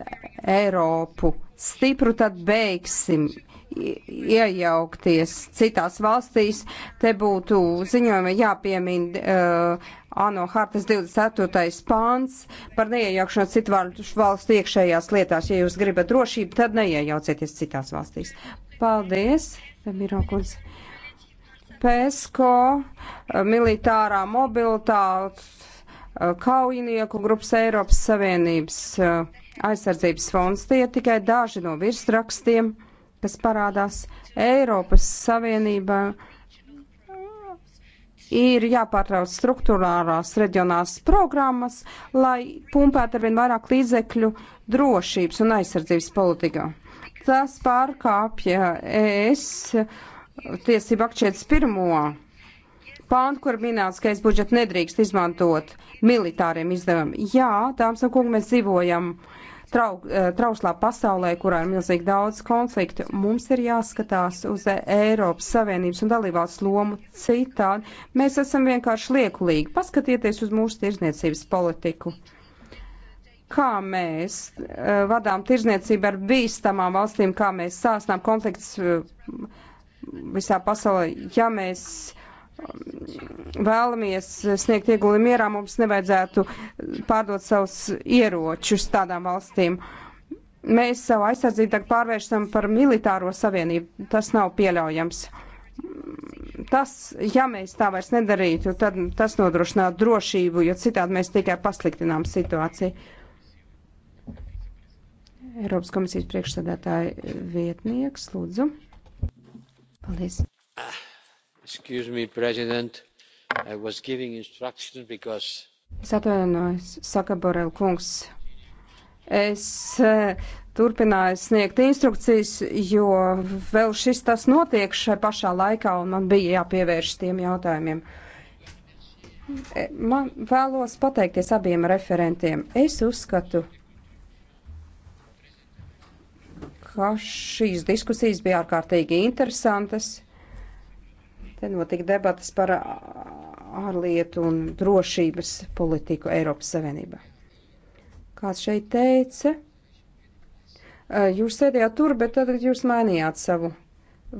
Eiropu stipru, tad beigsim iejaukties citās valstīs. Te būtu ziņojumi jāpiemin uh, ANO hartas 24. pāns par neiejaukšanos citu valstu iekšējās lietās. Ja jūs gribat drošību, tad neiejaucieties citās valstīs. Paldies, Miro Kunze. PESCO, eh, militārā mobilitāte, eh, kaujinieku grupas Eiropas Savienības eh, aizsardzības fonds. Tie ir tikai daži no virsrakstiem, kas parādās Eiropas Savienībā. Ir jāpārtrauc struktūrārās reģionālās programmas, lai pumpētu arvien vairāk līdzekļu drošības un aizsardzības politikā. Tas pārkāpja ES tiesību akčietas pirmo pāntu, kur minēts, ka es budžetu nedrīkst izmantot militāriem izdevumiem. Jā, dāmas un kungi, mēs dzīvojam trau, eh, trauslā pasaulē, kurā ir milzīgi daudz konfliktu. Mums ir jāskatās uz Eiropas Savienības un dalībās lomu citādi. Mēs esam vienkārši liekulīgi. Paskatieties uz mūsu tirzniecības politiku kā mēs uh, vadām tirzniecību ar bīstamām valstīm, kā mēs sāsnām konflikts uh, visā pasaulē. Ja mēs um, vēlamies sniegt ieguldījumu mierā, mums nevajadzētu pārdot savus ieročus tādām valstīm. Mēs savu aizsardzību tagad pārvēršam par militāro savienību. Tas nav pieļaujams. Tas, ja mēs tā vairs nedarītu, tad tas nodrošinātu drošību, jo citādi mēs tikai pasliktinām situāciju. Eiropas komisijas priekšsēdētāja vietnieks, lūdzu. Paldies. Excuse me, president. I was giving instructions because. Es atvainojos, saka Borel kungs. Es eh, turpināju sniegt instrukcijas, jo vēl šis tas notiek šai pašā laikā un man bija jāpievērš tiem jautājumiem. Eh, man vēlos pateikties abiem referentiem. Es uzskatu, ka šīs diskusijas bija ārkārtīgi interesantas. Te notika debatas par ārlietu un drošības politiku Eiropas Savienībā. Kāds šeit teica, eh, jūs sēdējāt tur, bet tad jūs mainījāt savu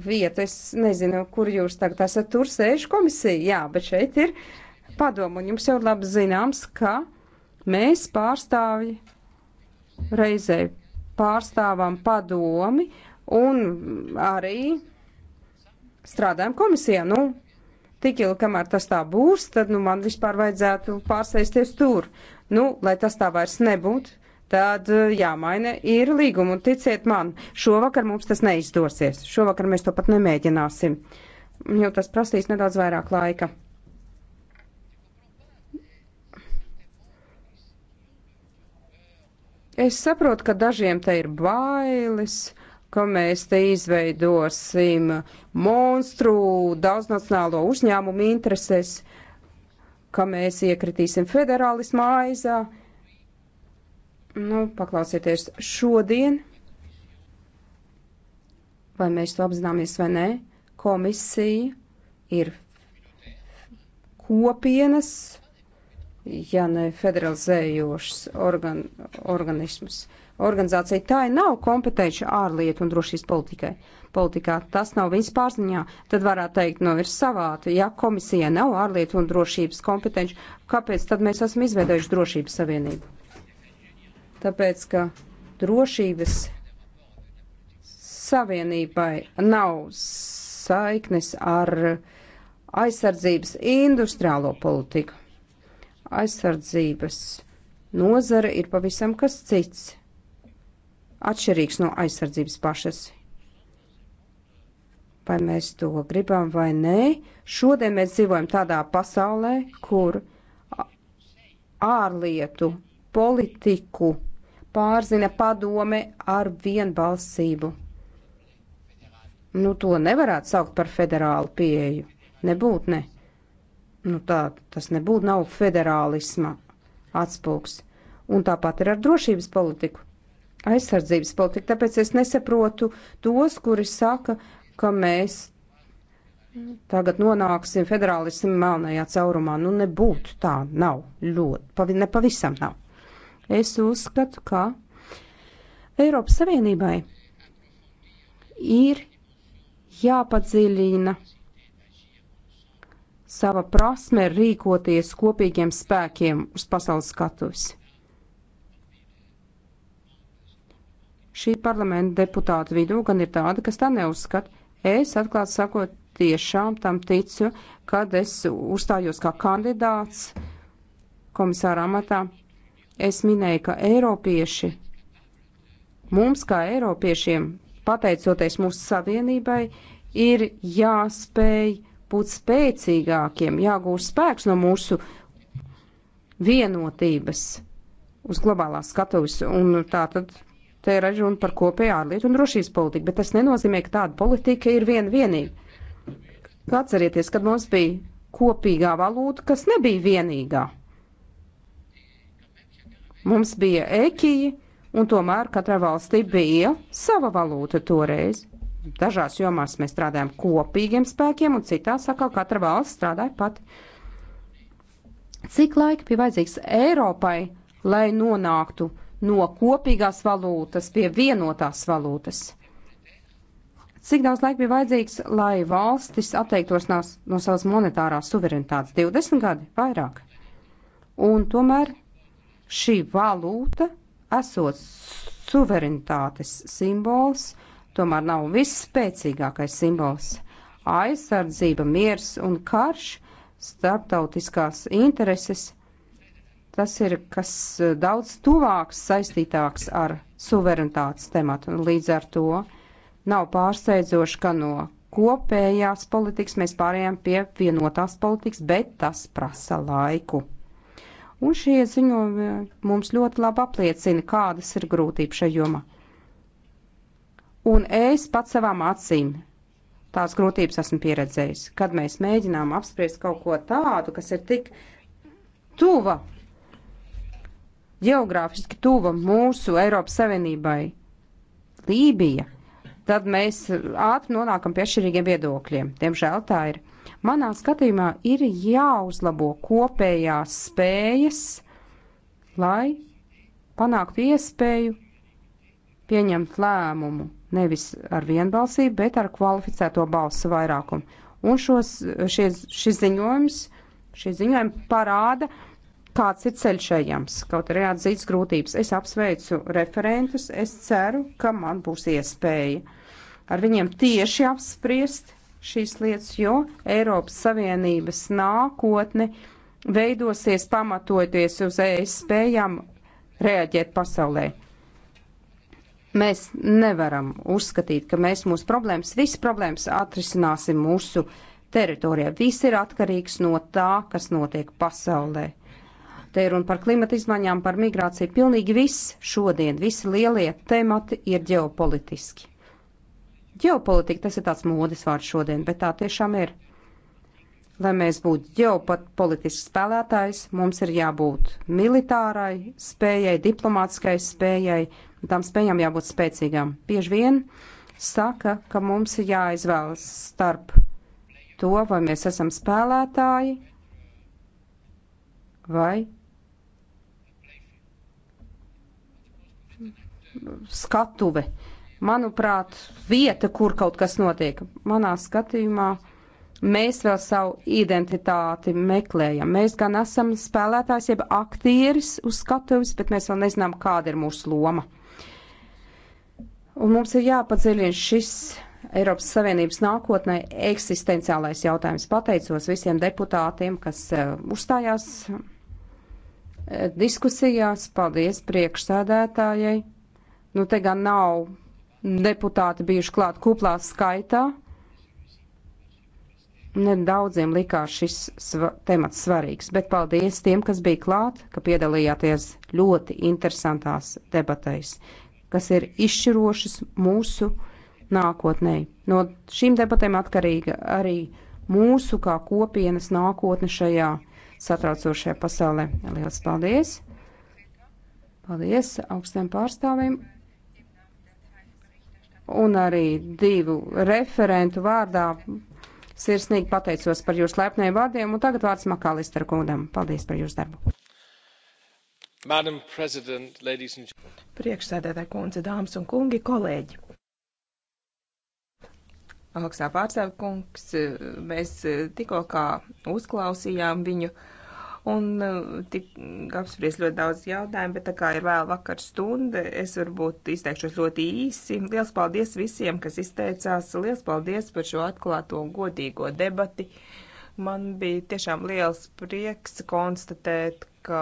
vietu. Es nezinu, kur jūs tagad esat. Tur sēž komisija, jā, bet šeit ir padomu. Un jums jau labi zināms, ka mēs pārstāvji reizē pārstāvam padomi un arī strādājam komisijā. Nu, tik ilgi, kamēr tas tā būs, tad nu, man vispār vajadzētu pārsēsties tur. Nu, lai tas tā vairs nebūtu, tad eh, jāmaina ir līguma. Un ticiet man, šovakar mums tas neizdosies. Šovakar mēs to pat nemēģināsim, jo tas prasīs nedaudz vairāk laika. Es saprotu, ka dažiem te ir bailes, ka mēs te izveidosim monstru daudznacionālo uzņēmumu intereses, ka mēs iekritīsim federālismu aizā. Nu, paklausieties, šodien, vai mēs to apzināmies vai nē, komisija ir kopienas ja ne federalizējošs organ, organismus. Organizācija tā ir nav kompetenci ārlietu un drošības politikai. politikā. Tas nav viņas pārziņā. Tad varētu teikt, no nu, ir savāta, ja komisija nav ārlietu un drošības kompetenci, kāpēc tad mēs esam izveidojuši drošības savienību? Tāpēc, ka drošības savienībai nav saiknes ar aizsardzības industriālo politiku aizsardzības nozara ir pavisam kas cits, atšķirīgs no aizsardzības pašas. Vai mēs to gribam vai nē, šodien mēs dzīvojam tādā pasaulē, kur ārlietu politiku pārzina padome ar vienbalsību. Nu, to nevarētu saukt par federālu pieeju. Nebūt ne nu tā, tas nebūtu nav federālisma atspūgs. Un tāpat ir ar drošības politiku, aizsardzības politiku. Tāpēc es nesaprotu tos, kuri saka, ka mēs tagad nonāksim federālismu melnajā caurumā. Nu nebūtu tā, nav ļoti, pavi, nepavisam nav. Es uzskatu, ka Eiropas Savienībai ir jāpadziļina Sava prasme ir rīkoties kopīgiem spēkiem uz pasaules skatuves. Šī parlamenta deputāta vidū gan ir tāda, kas tā neuzskata. Es atklāt sakot, tiešām tam ticu, kad es uzstājos kā kandidāts komisāra amatā. Es minēju, ka Eiropieši, mums kā Eiropiešiem, pateicoties mūsu savienībai, ir jāspēj būt spēcīgākiem, jāgūst spēks no mūsu vienotības uz globālās skatuves. Un tā tad te ir arī runa par kopēju ārlietu un drošības politiku, bet tas nenozīmē, ka tāda politika ir viena vienīga. Atcerieties, kad mums bija kopīgā valūta, kas nebija vienīgā. Mums bija ekiji, un tomēr katrai valstī bija sava valūta toreiz. Dažās jomās mēs strādājam kopīgiem spēkiem, un citās atkal katra valsts strādāja pat. Cik laika bija vajadzīgs Eiropai, lai nonāktu no kopīgās valūtas pie vienotās valūtas? Cik daudz laika bija vajadzīgs, lai valstis atteiktos no, no savas monetārās suverenitātes? 20 gadi, vairāk. Un tomēr šī valūta esot suverenitātes simbols, tomēr nav visspēcīgākais simbols. Aizsardzība, miers un karš, starptautiskās intereses, tas ir kas eh, daudz tuvāks, saistītāks ar suverenitātes tematu. Līdz ar to nav pārsteidzoši, ka no kopējās politikas mēs pārējām pie vienotās politikas, bet tas prasa laiku. Un šie ziņojumi mums ļoti labi apliecina, kādas ir grūtības šajomā. Un es pats savām acīm tās grūtības esmu pieredzējis, kad mēs mēģinām apspriest kaut ko tādu, kas ir tik tuva, geogrāfiski tuva mūsu Eiropas Savienībai, Lībija, tad mēs ātri nonākam pie atšķirīgiem viedokļiem. Diemžēl tā ir. Manā skatījumā ir jāuzlabo kopējās spējas, lai panāktu iespēju pieņemt lēmumu Nevis ar vienbalsību, bet ar kvalificēto balsu vairākumu. Un šos, šies, šis ziņojums, šie ziņojumi parāda, kāds ir ceļš ejams, kaut arī atzīts grūtības. Es apsveicu referentus, es ceru, ka man būs iespēja ar viņiem tieši apspriest šīs lietas, jo Eiropas Savienības nākotne veidosies pamatojoties uz ES spējām reaģēt pasaulē. Mēs nevaram uzskatīt, ka mēs mūsu problēmas, visas problēmas atrisināsim mūsu teritorijā. Viss ir atkarīgs no tā, kas notiek pasaulē. Te ir runa par klimata izmaiņām, par migrāciju. Pilnīgi viss šodien, visi lielie temati ir ģeopolitiski. Ģeopolitika tas ir tāds modes vārds šodien, bet tā tiešām ir. Lai mēs būtu ģeopolitisks spēlētājs, mums ir jābūt militārai spējai, diplomātiskai spējai, Tām spējām jābūt spēcīgām. Bieži vien saka, ka mums ir jāizvēlas starp to, vai mēs esam spēlētāji vai skatuve. Manuprāt, vieta, kur kaut kas notiek. Manā skatījumā mēs vēl savu identitāti meklējam. Mēs gan esam spēlētājs, jeb aktieris uz skatuves, bet mēs vēl nezinām, kāda ir mūsu loma. Un mums ir jāpadziļina šis Eiropas Savienības nākotnē eksistenciālais jautājums. Pateicos visiem deputātiem, kas e, uzstājās e, diskusijās. Paldies priekšsēdētājai. Nu, te gan nav deputāti bijuši klāt kuplā skaitā. Nedaudziem likās šis sva temats svarīgs, bet paldies tiem, kas bija klāt, ka piedalījāties ļoti interesantās debatēs kas ir izšķirošas mūsu nākotnē. No šīm debatēm atkarīga arī mūsu kā kopienas nākotne šajā satraucošajā pasaulē. Lielas paldies! Paldies augstiem pārstāvim! Un arī divu referentu vārdā sirsnīgi pateicos par jūsu lepniem vārdiem, un tagad vārds Makālistra kungam. Paldies par jūsu darbu! And... Priekšsēdētāja kundze, dāmas un kungi, kolēģi! Augstā pārstāve kungs, mēs tikko kā uzklausījām viņu un tika apspriest ļoti daudz jautājumu, bet tā kā ir vēl vakar stunda, es varbūt izteikšos ļoti īsi. Liels paldies visiem, kas izteicās, liels paldies par šo atklāto godīgo debati. Uh, Man bija tiešām liels prieks konstatēt, ka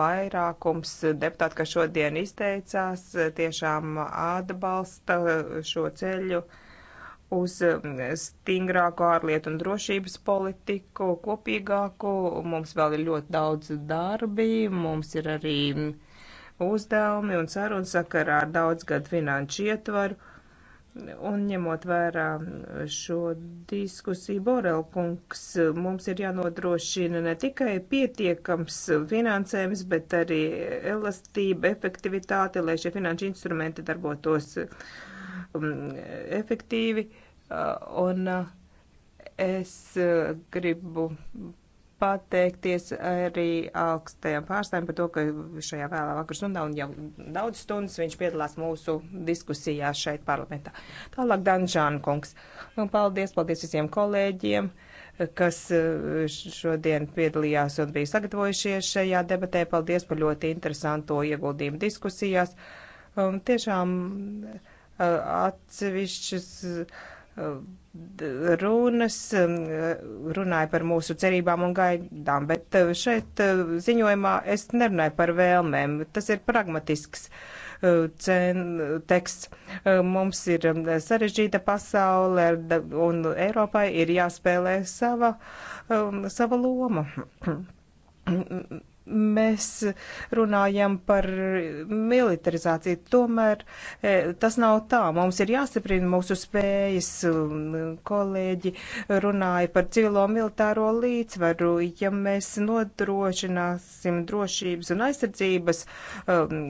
vairākums deputātu, kas šodien izteicās, tiešām atbalsta šo ceļu uz stingrāku ārlietu un drošības politiku, kopīgāku. Mums vēl ir ļoti daudz darbi, mums ir arī uzdevumi un sarunas sakarā ar daudzgadu finanšu ietvaru. Un ņemot vērā šo diskusiju, Borelkungs, mums ir jānodrošina ne tikai pietiekams finansējums, bet arī elastība, efektivitāte, lai šie finanšu instrumenti darbotos um, efektīvi. Uh, un uh, es uh, gribu pateikties arī augstajam pārstāvim par to, ka šajā vēlā vakarā stundā un jau daudz stundas viņš piedalās mūsu diskusijā šeit parlamentā. Tālāk Danžāna kungs. Un nu, paldies, paldies visiem kolēģiem kas eh, šodien piedalījās un bija sagatavojušies šajā debatē. Paldies par ļoti interesanto ieguldījumu diskusijās. Um, tiešām uh, atsevišķas uh, runas, um, runāja par mūsu cerībām un gaidām, bet uh, šeit uh, ziņojumā es nerunāju par vēlmēm. Tas ir pragmatisks uh, cen, teksts. Mums ir um, sarežģīta pasaule un Eiropai ir jāspēlē sava, um, sava loma. Mm, mm, mm mēs runājam par militarizāciju. Tomēr e, tas nav tā. Mums ir jāstiprina mūsu spējas. Kolēģi runāja par civilo militāro līdzsvaru. Ja mēs nodrošināsim drošības un aizsardzības um,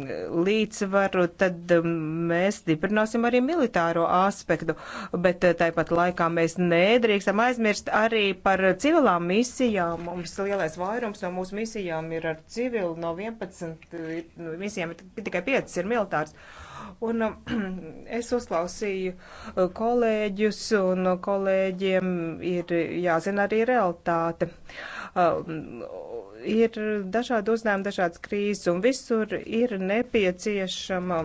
līdzsvaru, tad um, mēs stiprināsim arī militāro aspektu. Bet uh, tāpat laikā mēs nedrīkstam aizmirst arī par civilām misijām. Mums lielais vairums no mūsu misijām ir ir ar civilu, no 11 nu, visiem tikai 5 ir militārs. Un um, es uzklausīju uh, kolēģus, un uh, kolēģiem ir jāzina arī realitāte. Uh, Um, ir dažādi uzdevumi, dažādas krīzes, un visur ir nepieciešama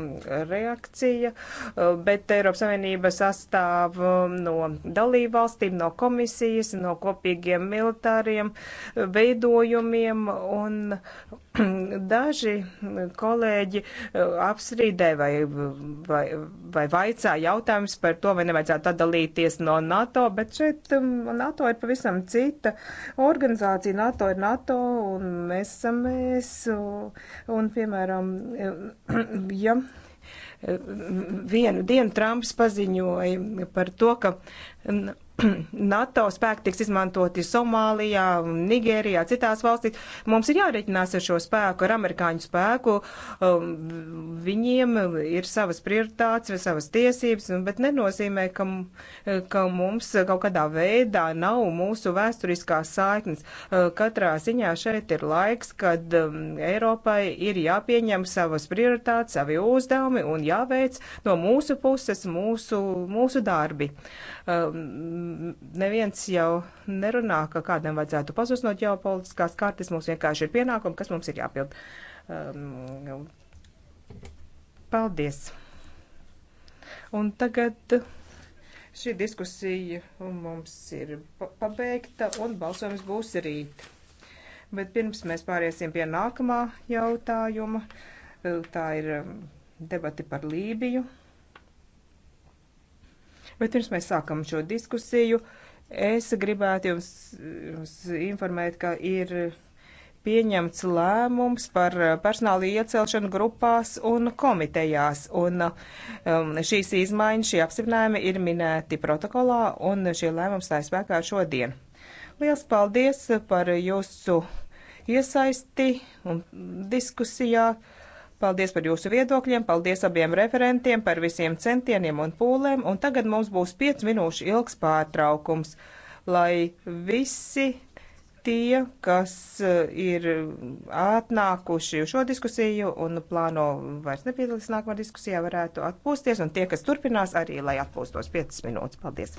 reakcija, uh, bet Eiropas Savienība sastāv um, no dalību valstīm, no komisijas, no kopīgiem militāriem uh, veidojumiem, un daži kolēģi uh, apstrīdē vai, vai, vai vaicā jautājums par to, vai nevajadzētu atdalīties no NATO, bet šeit um, NATO ir pavisam cita organizācija organizācija NATO ir NATO un mēs esam mēs. Un, piemēram, ja vienu dienu Trumps paziņoja par to, ka NATO spēki tiks izmantoti Somālijā, Nigērijā, citās valstīs. Mums ir jāreķinās ar šo spēku, ar amerikāņu spēku. Um, viņiem ir savas prioritātes, savas tiesības, bet nenozīmē, ka, ka mums kaut kādā veidā nav mūsu vēsturiskās saiknes. Uh, katrā ziņā šeit ir laiks, kad um, Eiropai ir jāpieņem savas prioritātes, savi uzdevumi un jāveic no mūsu puses mūsu, mūsu darbi. Uh, Ehm, neviens jau nerunā, ka kādam vajadzētu pazust no ģeopolitiskās kartes. Mums vienkārši ir pienākumi, kas mums ir jāpild. Ehm, paldies! Un tagad šī diskusija mums ir pabeigta un balsojums būs rīt. Bet pirms mēs pāriesim pie nākamā jautājuma, tā ir ehm, debati par Lībiju. Bet pirms mēs sākam šo diskusiju, es gribētu jums, jums informēt, ka ir pieņemts lēmums par personāla iecelšanu grupās un komitejās. Un um, šīs izmaiņas, šie apstiprinājumi ir minēti protokolā, un šie lēmumi stājas spēkā šodien. Liels paldies par jūsu iesaisti un diskusijā. Paldies par jūsu viedokļiem, paldies abiem referentiem par visiem centieniem un pūlēm, un tagad mums būs 5 minūšu ilgs pārtraukums, lai visi tie, kas eh, ir atnākuši šo diskusiju un plāno vairs nepiedalīties nākamā diskusijā, varētu atpūsties, un tie, kas turpinās, arī lai atpūstos 5 minūtes. Paldies!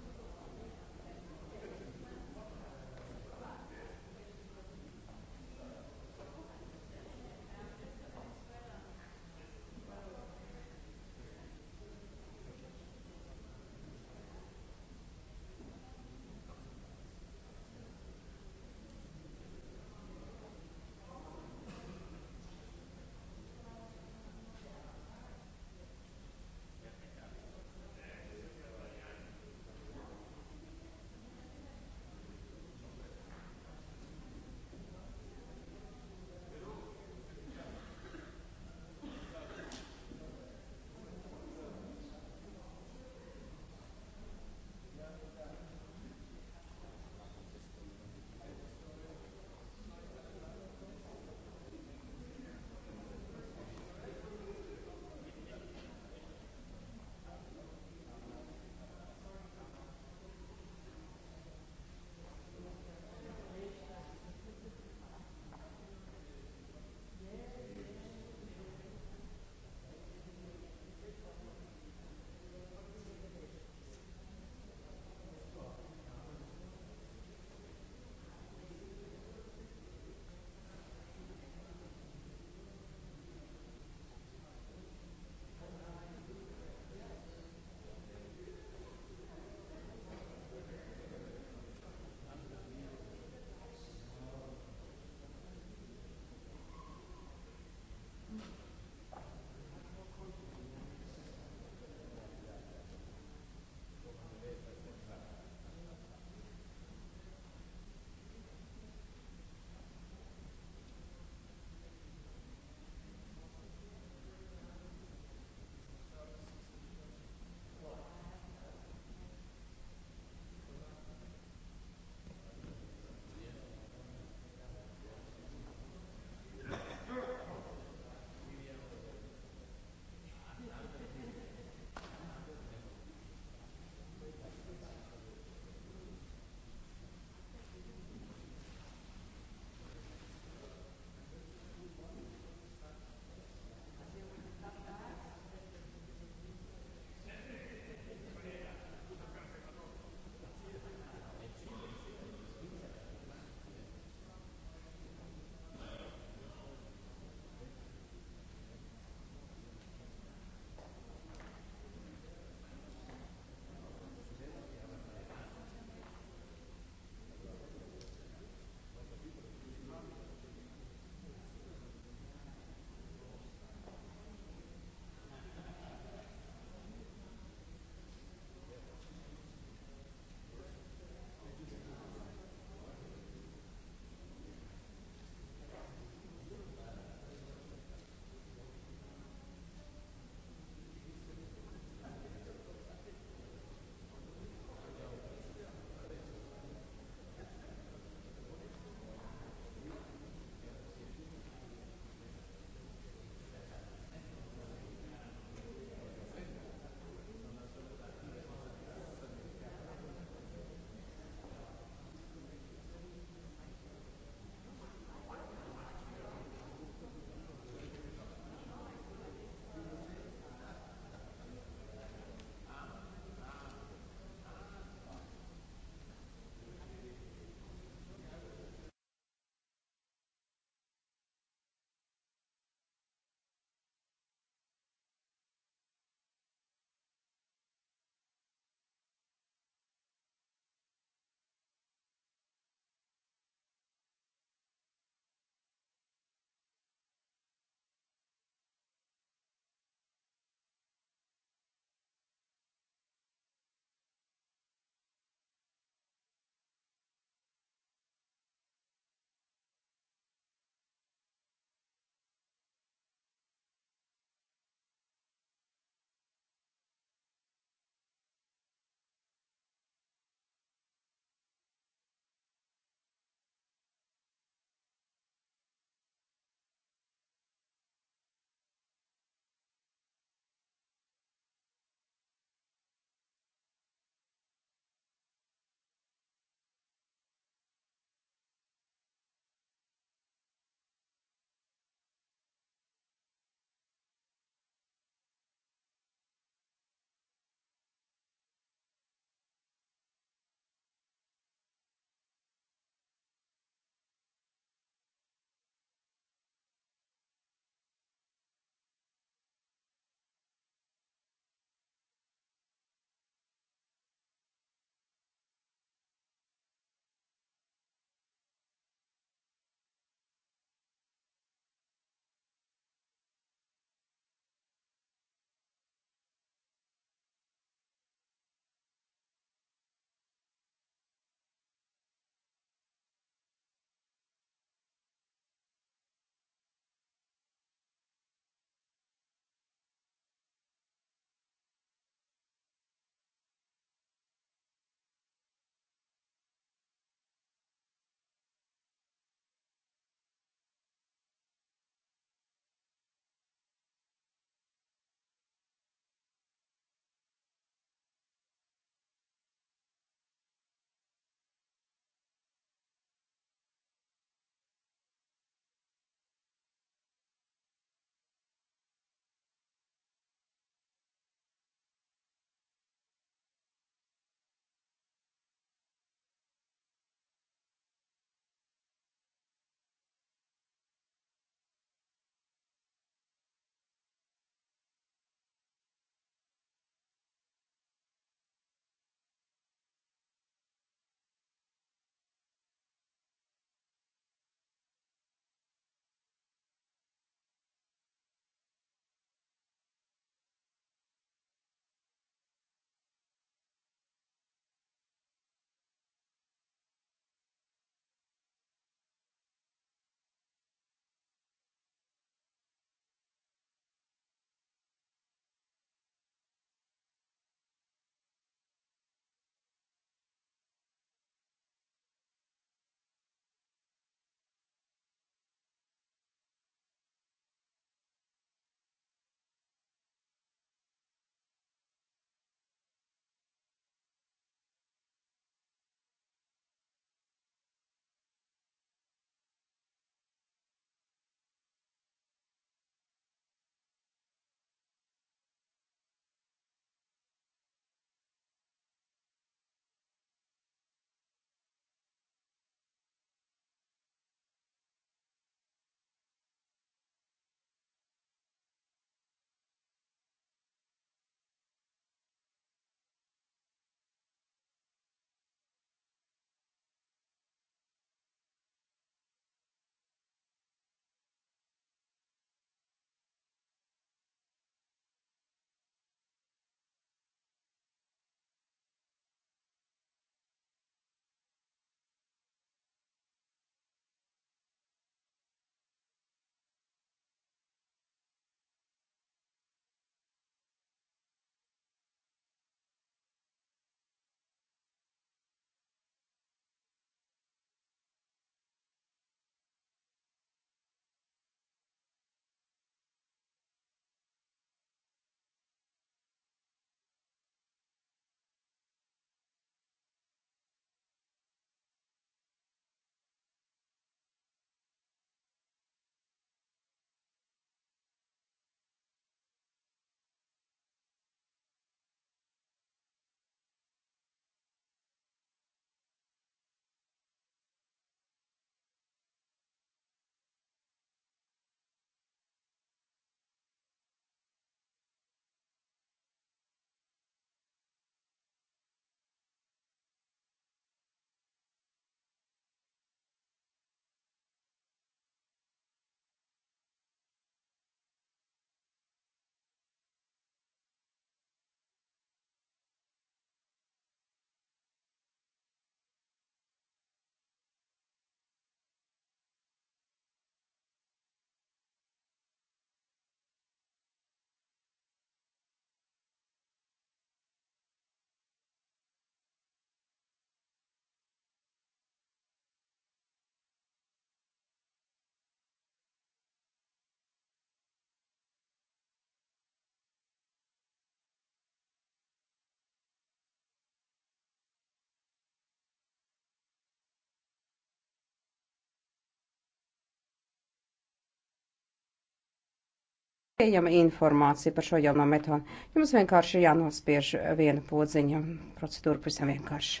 Pieejama informācija par šo jauno metodi. Jums vienkārši ir jānospiež viena podziņa. Procedūra pavisam vienkārši.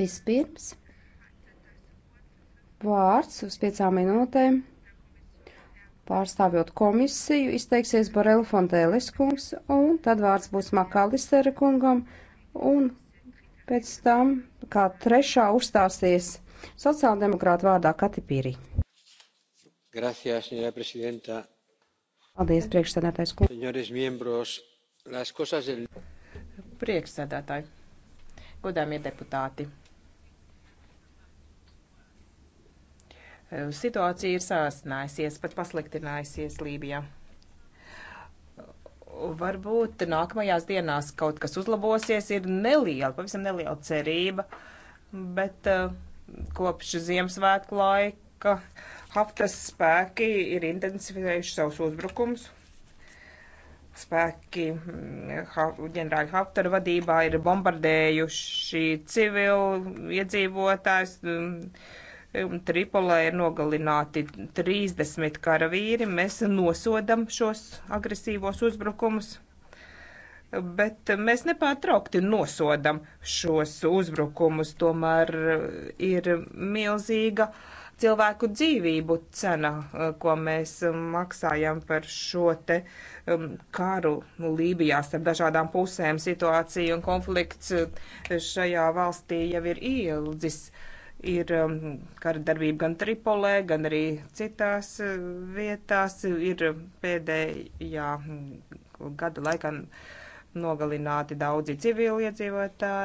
Vispirms vārds uz piecām minūtēm. Pārstāvjot komisiju, izteiksies Borel Fontēlis kungs, un tad vārds būs Makalistera kungam, un pēc tam kā trešā uzstāsies sociāldemokrāta vārdā Katipīri. Gracias, señora presidenta. Paldies, priekšsēdētājs kungs. Priekšsēdētāji, godāmie deputāti. Situācija ir sāsinājusies, pat pasliktinājusies Lībijā. Varbūt nākamajās dienās kaut kas uzlabosies, ir neliela, pavisam neliela cerība, bet eh, kopš Ziemassvētku laika Haftas spēki ir intensificējuši savus uzbrukumus. Spēki mm, ģenerāļa Haftara vadībā ir bombardējuši civilu iedzīvotājs. Mm, Tripolē ir nogalināti 30 karavīri. Mēs nosodam šos agresīvos uzbrukumus, bet mēs nepārtraukti nosodam šos uzbrukumus. Tomēr ir milzīga uh, cilvēku dzīvību cena, eh, ko mēs eh, maksājam par šo te um, karu Lībijā starp dažādām pusēm. Situācija un konflikts eh, šajā valstī jau ir ieldzis ir um, kara darbība gan Tripolē, gan arī citās vietās. Ir pēdējā mm, gada laikā nogalināti daudzi civiliedzīvotāji.